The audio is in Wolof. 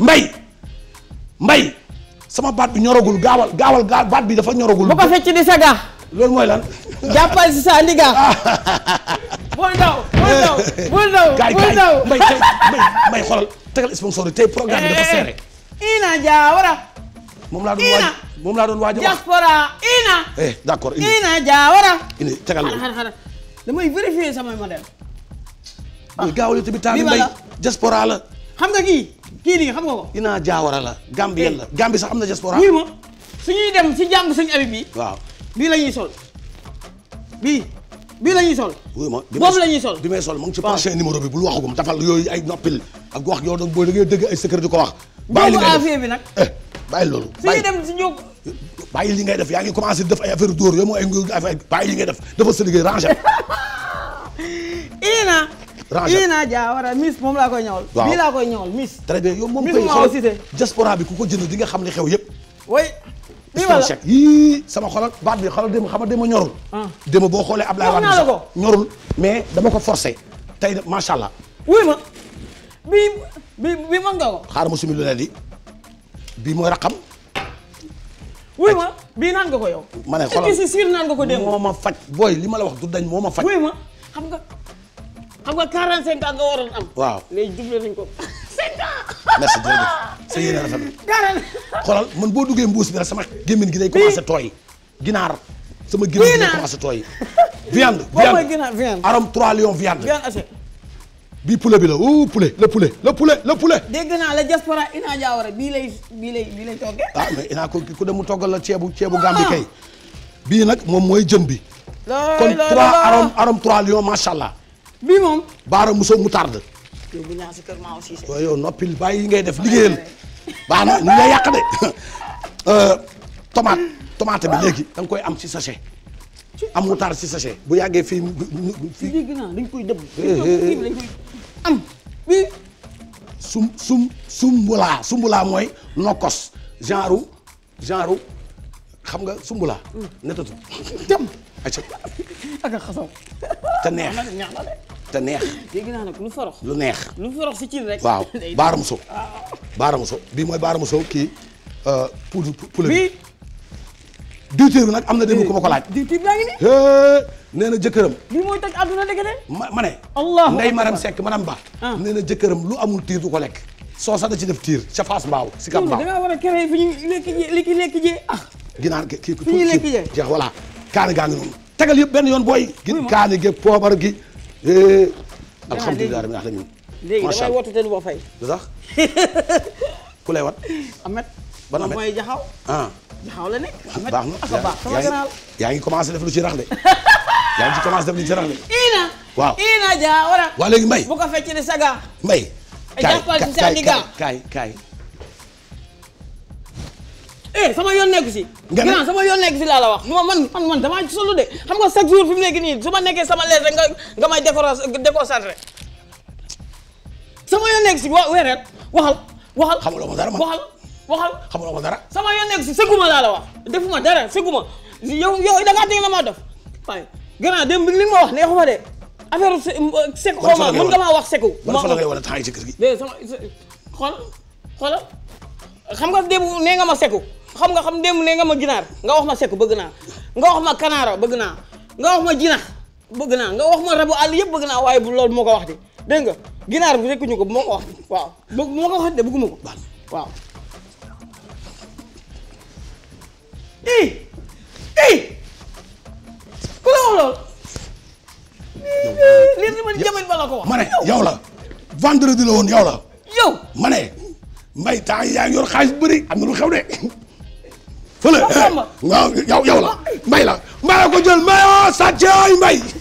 mbay mbay sama baat bi ñoragul gaawal gaawal gaa baat bi dafa ñoragul. bu ko fecc di sa gaa. loolu mooy lan. jàppal si sa ndiga. bul daw bul daw bul daw bul daw. mbay tey mbay mbay xoolal tegal sponsor yi tey programme bi dafa eh, serré. Ina Diawara. moom laa doon waaj moom laa doon waaj a wax. diaspora Ina. eh d' accord Ina Ina Diawara. Ina tegal loolu xanaa xanaa damay vérifier samay modèle. ah gaawal tamit temps bi mbay diaspora la. xam nga kii. kii nii xam nga ko. dinaa jaawara la. Gambie yàlla Gambie sax am na diaspora. wuy ma su ñuy dem si jàngu sëñ Habib bi. waaw bii la ñuy sol bii. bii la ñuy sol. wuy ma la ñuy sol bi may sol mu ngi ci prochain numéro bi bul waxagum dafal yooyu ay noppil ak wax yow booy da ngay dëgg di ko wax. bàyyi li ngay def boobu bi nag. Eh, bàyyi loolu. li ngay def yaa ngi commencé def ay affaire dóor yow mooy ay affaire bàyyi li ngay def dafa sa ii naa a miss moom laa koy ñawal bii laa koy ñawal miss très bien yow moom koy sol diaspora bi ku ko jënd di nga xam li xew yëpp way bii wala chèque yii sama xolal baat bi xolal démb xam nga démb ñorul ah. démb boo xoolee ab Wade sax ñorul mais dama ko forcé tey macha allah wuy ma bii bii bii mën nga ko xaar ma sumi lu ne di bii mooy raqam wuy ma bii naan nga ko yow ma ne xolal naan nga ko démb moo ma faj booy li ma la wax du dañ moo ma faj wuy ma xam nga xam nga 45 ans nga waroon am. waaw léegi doublé nañ ko. 5 ans. merci jërëjëf sa man boo duggee mbuus bi rek sama gémmiñ gi day commencé tooy. ginaar sama gémmiñ gi day commencé tooy. viande viande viande arôme 3 lions viande. viande bi la wuu poulet le la diaspora Ina Diawara bii lay bii lay bii lay toggee. ah mais Ina ko ku dem mu toggal la ceebu ceebu Gambie ah. kay. bii nag moom mooy jëm bi. kon 3 arôme arôme lions macha allah. bii moom. Baara Moussa mu tardé. yow bu ñaar si kër maa aussi. waaw yow noppil bàyyi yi ngay def liggéeyal baax na ñu ngi lay yàq de. Euh, bi léegi da koy am ci sachet. am moutarde ci sachet bu yàggee fii fii. dégg naa dañ koy dëbb. Eh, eh, eh. dañ koy am sumbulaa mooy nokkos genre genre xam nga sumbulaa. Mm. netatu. jëm. ayca ak xasaw. te neex. te neex. dégg naa nag lu forox. lu neex lu forox si cin rek. waaw baaramuso. baaramuso bii mooy baaramuso kii euh, poudre poulet bi. diwtiir bi nag am na dégg ku ma ko laaj. diwtiir baa ngi nii. nee na jëkkëram. lii mooy toj àdduna dëgg de. ma ma ne. allahu ma maram sekk maram ba. Ah. nee na jëkkëram lu amul tiir du ko lekk. soo sax da ci def tiir ca faas mbaaw. si kam mbaaw da ngaa war a créé fi ñuy lekk li ki lekk jee ah. ginaar kii kii fi ñuy jeex voilà kaani gaa ngi noonu. tegal benn yoon booy. gi kaani gi poobar gi. Eh, alhamdulilah rabbil alamin léegi damay woote te du ma fay. lu tax ku lay wat. Ahmed ban Ahmed mooy jaxaw. ah jaxaw la nekk. Ah, Ahmed baax na baax sama ganaal yaa ngi commencé def lu ci rax de yaa ngi ci commencé def lu ci rax de. Ina. waaw Ina Dia wala. waa léegi Mbaye bu ko feccee ne saga. Mbaye. kaay kaay kaay kaay eh sama yoon nekk si. grand sama yoon nekk si laa la wax ma man man man damaa solo de xam nga chaque jour fi mu nekk nii su ma nekkee sama lees rek nga nga may déconcentré sama yoon si wa weeret waxal waxal. xamuloo ko dara man waxal waxal. xamuloo ko sama yoon nekk si sëgguma laa la wax defuma dara sëgguma yow yow da ngaa dégg na maa def waaye grand démb li ma wax neexuma de affaire euh, sek xaw ma mën nga maa wax seku. ma ma wala temps yi ci kër gi. xool xool xam nga démb nee nga ma seku. xam nga xam démb ne nga ma ginaar nga wax ma sekk bëgg naa nga wax ma kanaara bëgg naa nga wax ma jinax bëgg naa nga wax ma rabu àll yëpp bëgg naa waaye bu loolu moo ko wax de dégg ginaar bu rekkuñu ko ko wax waaw moo ko wax de bëgguma ko waaw ey ey ku la wax loolu lii di ma jaman ba la ko wax ma ne yow la vendredi woon yow la yow ma ne mbay temps yaa yor xaalis bëri am na lu xew de fële waaw yow yow la mbay la mbay la ko jël mbayoo sàcc ay mbay